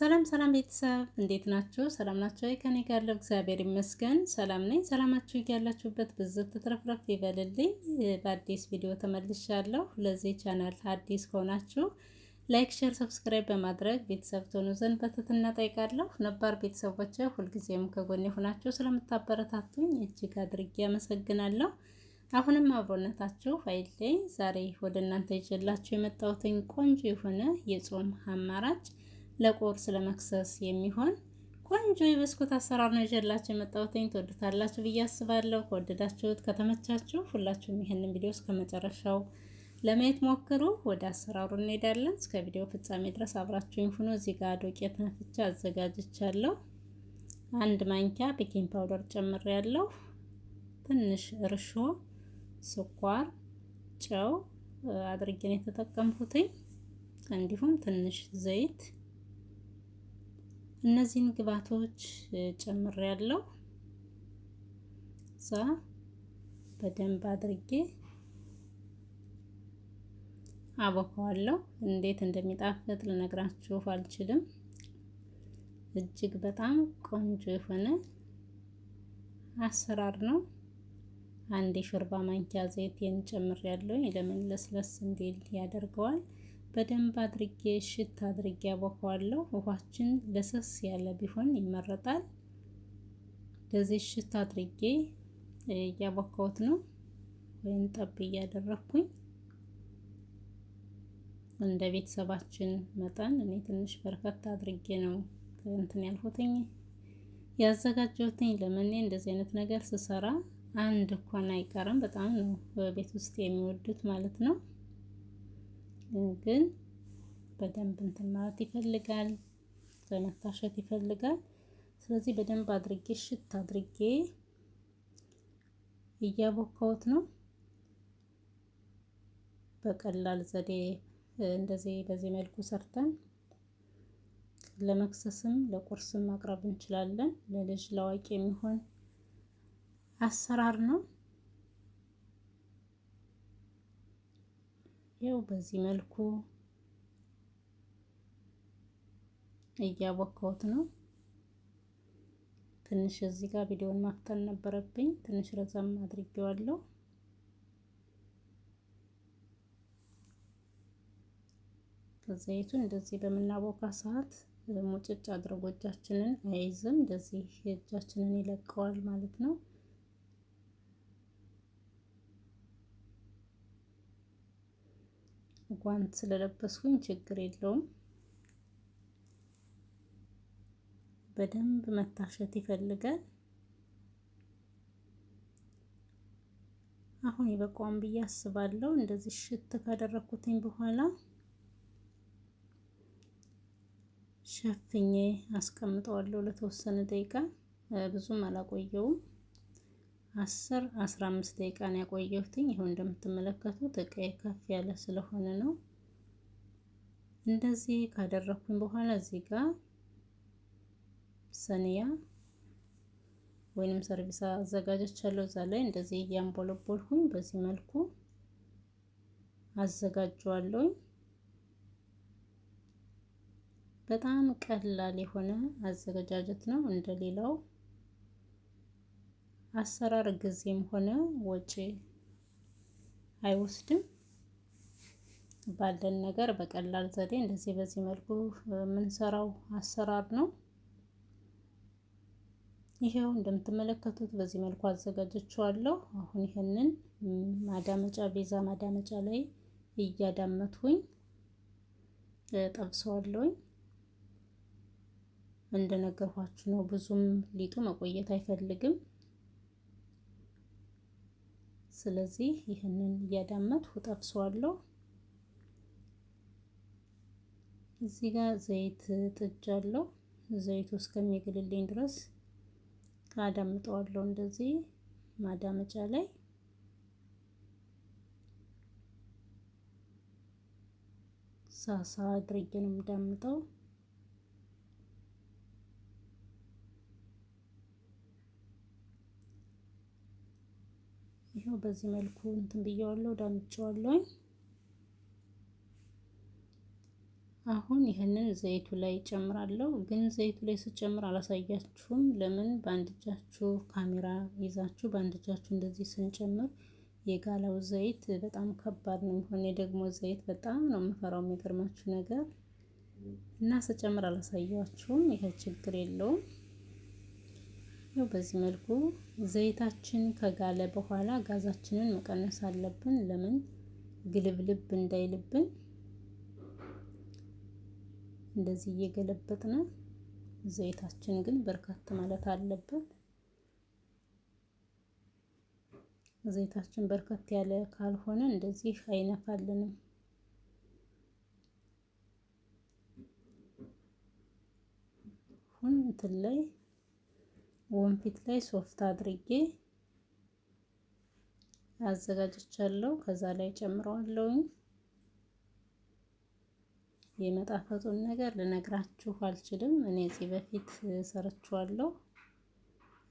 ሰላም ሰላም ቤተሰብ እንዴት ናችሁ? ሰላም ናችሁ ወይ? ከኔ ጋር ያለው እግዚአብሔር ይመስገን ሰላም ነኝ። ሰላማችሁ ያላችሁበት ብዝት ትረፍረፍ ይበልልኝ። በአዲስ ቪዲዮ ተመልሻለሁ። ለዚህ ቻናል አዲስ ከሆናችሁ ላይክ፣ ሼር፣ ሰብስክራይብ በማድረግ ቤተሰብ ትሆኑ ዘንድ በትህትና ጠይቃለሁ። ነባር ቤተሰቦች ሁልጊዜም ከጎኔ ሆናችሁ ስለምታበረታቱኝ እጅግ አድርጌ አመሰግናለሁ። አሁንም አብሮነታችሁ ኃይሌ ዛሬ ወደ እናንተ ይዤላችሁ የመጣሁትን ቆንጆ የሆነ የጾም አማራጭ ለቁርስ ለመክሰስ የሚሆን ቆንጆ የብስኩት አሰራር ነው ይዤላችሁ የመጣሁትኝ። ትወዱታላችሁ ብዬ አስባለሁ። ከወደዳችሁት ከተመቻችሁ፣ ሁላችሁም ይህንን ቪዲዮ እስከ መጨረሻው ለማየት ሞክሩ። ወደ አሰራሩ እንሄዳለን። እስከ ቪዲዮ ፍጻሜ ድረስ አብራችሁኝ ሁኑ። እዚህ ጋር ዶቄት ነፍቼ አዘጋጅቻለሁ። አንድ ማንኪያ ቤኪንግ ፓውደር ጨምሬያለሁ። ትንሽ እርሾ፣ ስኳር፣ ጨው አድርጌን የተጠቀምኩትኝ እንዲሁም ትንሽ ዘይት እነዚህን ግብአቶች ጨምሬ ያለው እዛ በደንብ አድርጌ አቦካዋለሁ። እንዴት እንደሚጣፍጥ ልነግራችሁ አልችልም። እጅግ በጣም ቆንጆ የሆነ አሰራር ነው። አንድ የሾርባ ማንኪያ ዘይቴን ጨምሬያለሁ። ለምን ለስለስ እንዲል ያደርገዋል። በደንብ አድርጌ እሽት አድርጌ አቦካዋለሁ። ውሃችን ለሰስ ያለ ቢሆን ይመረጣል። ለዚህ እሽት አድርጌ እያቦካሁት ነው ወይም ጠብ እያደረግኩኝ እንደ ቤተሰባችን መጠን እኔ ትንሽ በርከት አድርጌ ነው እንትን ያልኩትኝ ያዘጋጀሁትኝ። ለምኔ እንደዚህ አይነት ነገር ስሰራ አንድ እንኳን አይቀርም። በጣም ነው በቤት ውስጥ የሚወዱት ማለት ነው። ግን በደንብ እንትን ማለት ይፈልጋል፣ መታሸት ይፈልጋል። ስለዚህ በደንብ አድርጌ ሽት አድርጌ እያቦካሁት ነው። በቀላል ዘዴ እንደዚህ በዚህ መልኩ ሰርተን ለመክሰስም ለቁርስም ማቅረብ እንችላለን። ለልጅ ለአዋቂ የሚሆን አሰራር ነው። ይኸው በዚህ መልኩ እያቦካሁት ነው። ትንሽ እዚህ ጋር ቪዲዮን ማፍጠን ነበረብኝ። ትንሽ ረዘም አድርጌዋለሁ። ዘይቱን እንደዚህ በምናቦካ ሰዓት ሙጭጭ አድርጎ እጃችንን አይዝም። እንደዚህ እጃችንን ይለቀዋል ማለት ነው። ጓንት ስለለበስኩኝ ችግር የለውም። በደንብ መታሸት ይፈልጋል። አሁን ይበቃዋን ብዬ አስባለሁ። እንደዚህ ሽት ካደረኩትኝ በኋላ ሸፍኜ አስቀምጠዋለሁ ለተወሰነ ደቂቃ። ብዙም አላቆየውም። አስር አስራ አምስት ደቂቃ ነው ያቆየሁትኝ። ይሁን እንደምትመለከቱት እቃዬ ከፍ ያለ ስለሆነ ነው። እንደዚህ ካደረኩኝ በኋላ እዚህ ጋር ሰኒያ ወይንም ሰርቪስ አዘጋጀቻለሁ። እዛ ላይ እንደዚህ እያንቦለቦልኩኝ በዚህ መልኩ አዘጋጀዋለሁኝ። በጣም ቀላል የሆነ አዘገጃጀት ነው እንደሌላው አሰራር ጊዜም ሆነ ወጪ አይወስድም። ባለን ነገር በቀላል ዘዴ እንደዚህ በዚህ መልኩ የምንሰራው አሰራር ነው። ይሄው እንደምትመለከቱት በዚህ መልኩ አዘጋጀችዋለሁ። አሁን ይሄንን ማዳመጫ ቤዛ ማዳመጫ ላይ እያዳመጥኩኝ ጠብሰዋለሁኝ። እንደነገርኳችሁ ነው ብዙም ሊጡ መቆየት አይፈልግም። ስለዚህ ይህንን እያዳመጥኩ ጠብሰዋለሁ። እዚህ ጋር ዘይት ጥጃለሁ። ዘይቱ እስከሚግልልኝ ድረስ አዳምጠዋለሁ። እንደዚህ ማዳመጫ ላይ ሳሳ አድርጌ ነው የምዳምጠው። ነው። በዚህ መልኩ እንትን ብየዋለሁ፣ ዳምጨዋለሁኝ። አሁን ይህንን ዘይቱ ላይ ጨምራለሁ። ግን ዘይቱ ላይ ስጨምር አላሳያችሁም። ለምን በአንድ እጃችሁ ካሜራ ይዛችሁ በአንድ እጃችሁ እንደዚህ ስንጨምር የጋላው ዘይት በጣም ከባድ ነው የሚሆን። ደግሞ ዘይት በጣም ነው የምፈራው የሚገርማችሁ ነገር እና ስጨምር አላሳያችሁም። ይሄ ችግር የለውም። ነው። በዚህ መልኩ ዘይታችን ከጋለ በኋላ ጋዛችንን መቀነስ አለብን። ለምን ግልብልብ እንዳይልብን እንደዚህ እየገለበጥን ዘይታችን ግን በርካታ ማለት አለበት። ዘይታችን በርከት ያለ ካልሆነ እንደዚህ አይነፋልንም። አሁን እንትን ላይ ወንፊት ላይ ሶፍት አድርጌ አዘጋጅቻለሁ። ከዛ ላይ ጨምረዋለሁ። የመጣፈጡን ነገር ልነግራችሁ አልችልም። እኔ እዚህ በፊት ሰርችዋለሁ።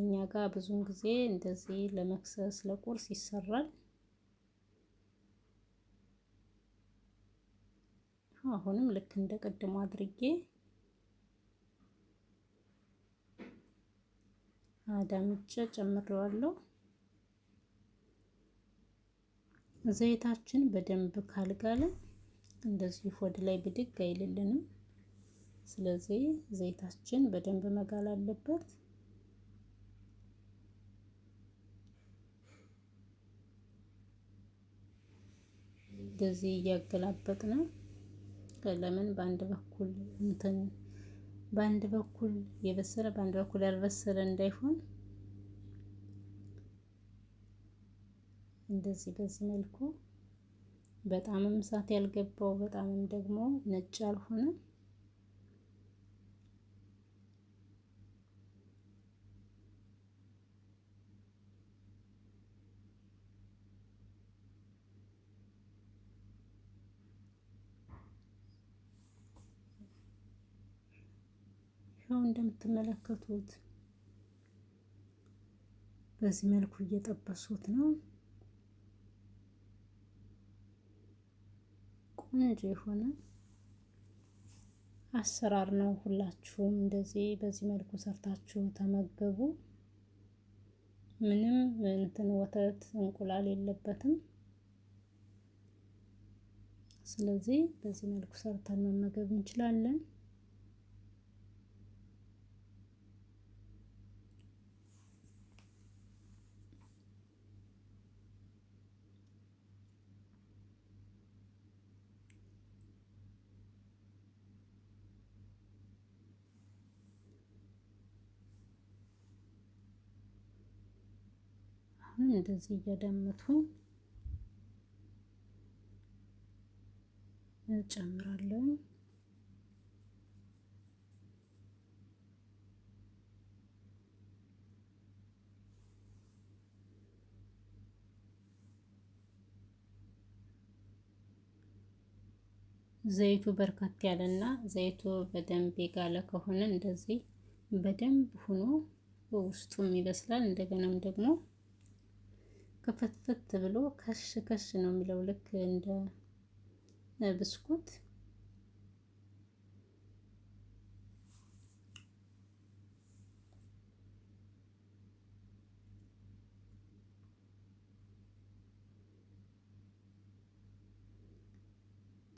እኛ ጋር ብዙን ጊዜ እንደዚህ ለመክሰስ ለቁርስ ይሰራል። አሁንም ልክ እንደ አድርጌ አዳምጨ ጨምረዋለሁ። ዘይታችን በደንብ ካልጋለ እንደዚህ ሆድ ላይ ብድግ አይልልንም። ስለዚህ ዘይታችን በደንብ መጋል አለበት። እንደዚህ እያገላበጥን ለምን በአንድ በኩል እንትን በአንድ በኩል የበሰለ በአንድ በኩል ያልበሰለ እንዳይሆን እንደዚህ በዚህ መልኩ በጣምም እሳት ያልገባው በጣምም ደግሞ ነጭ ያልሆነ ያው እንደምትመለከቱት በዚህ መልኩ እየጠበሱት ነው። ቆንጆ የሆነ አሰራር ነው። ሁላችሁም እንደዚህ በዚህ መልኩ ሰርታችሁ ተመገቡ። ምንም እንትን ወተት፣ እንቁላል የለበትም። ስለዚህ በዚህ መልኩ ሰርተን መመገብ እንችላለን። አሁንም እንደዚህ እያዳመቱ እጨምራለሁ። ዘይቱ በርከት ያለና ዘይቱ በደንብ የጋለ ከሆነ እንደዚህ በደንብ ሆኖ ውስጡም ይበስላል። እንደገናም ደግሞ ክፍትፍት ብሎ ከሽ ከሽ ነው የሚለው ልክ እንደ ብስኩት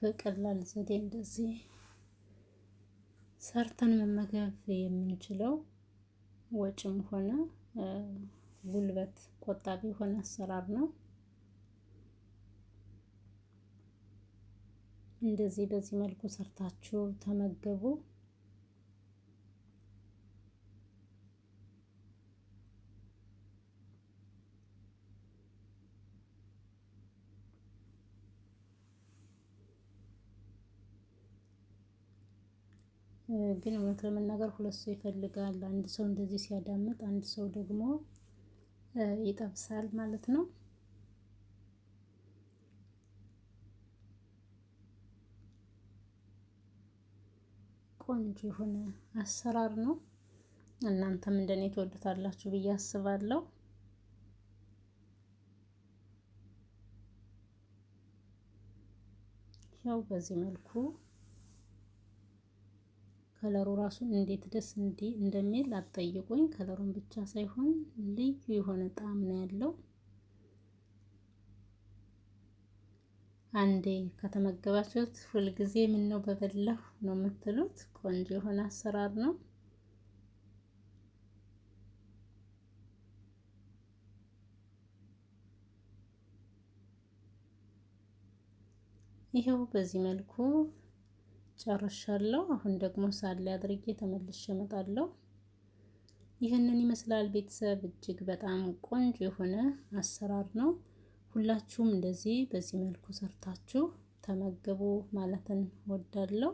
በቀላል ዘዴ እንደዚህ ሰርተን መመገብ የምንችለው ወጭም ሆነ ጉልበት ቆጣቢ የሆነ አሰራር ነው። እንደዚህ በዚህ መልኩ ሰርታችሁ ተመገቡ። ግን እውነት ለመናገር ሁለት ሰው ይፈልጋል። አንድ ሰው እንደዚህ ሲያዳምጥ፣ አንድ ሰው ደግሞ ይጠብሳል ማለት ነው። ቆንጆ የሆነ አሰራር ነው። እናንተም እንደኔ ትወዱታላችሁ ብዬ አስባለሁ። ያው በዚህ መልኩ ከለሩ ራሱ እንዴት ደስ እንዲ እንደሚል አጠይቁኝ ከለሩን ብቻ ሳይሆን ልዩ የሆነ ጣዕም ነው ያለው። አንዴ ከተመገባችሁት ሁልጊዜ ምን ነው በበላሁ ነው የምትሉት። ቆንጆ የሆነ አሰራር ነው። ይኸው በዚህ መልኩ ጨርሻለሁ። አሁን ደግሞ ሳል ላይ አድርጌ ተመልሼ እመጣለሁ። ይህንን ይመስላል ቤተሰብ እጅግ በጣም ቆንጆ የሆነ አሰራር ነው። ሁላችሁም እንደዚህ በዚህ መልኩ ሰርታችሁ ተመገቡ ማለትን ወዳለሁ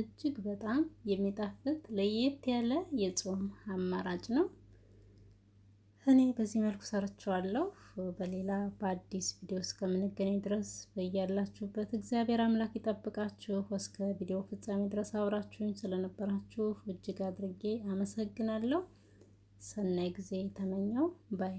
እጅግ በጣም የሚጣፍጥ ለየት ያለ የጾም አማራጭ ነው። እኔ በዚህ መልኩ ሰርቸዋለሁ። በሌላ በአዲስ ቪዲዮ እስከምንገናኝ ድረስ በያላችሁበት እግዚአብሔር አምላክ ይጠብቃችሁ። እስከ ቪዲዮ ፍጻሜ ድረስ አብራችሁኝ ስለነበራችሁ እጅግ አድርጌ አመሰግናለሁ። ሰናይ ጊዜ ተመኘው ባይ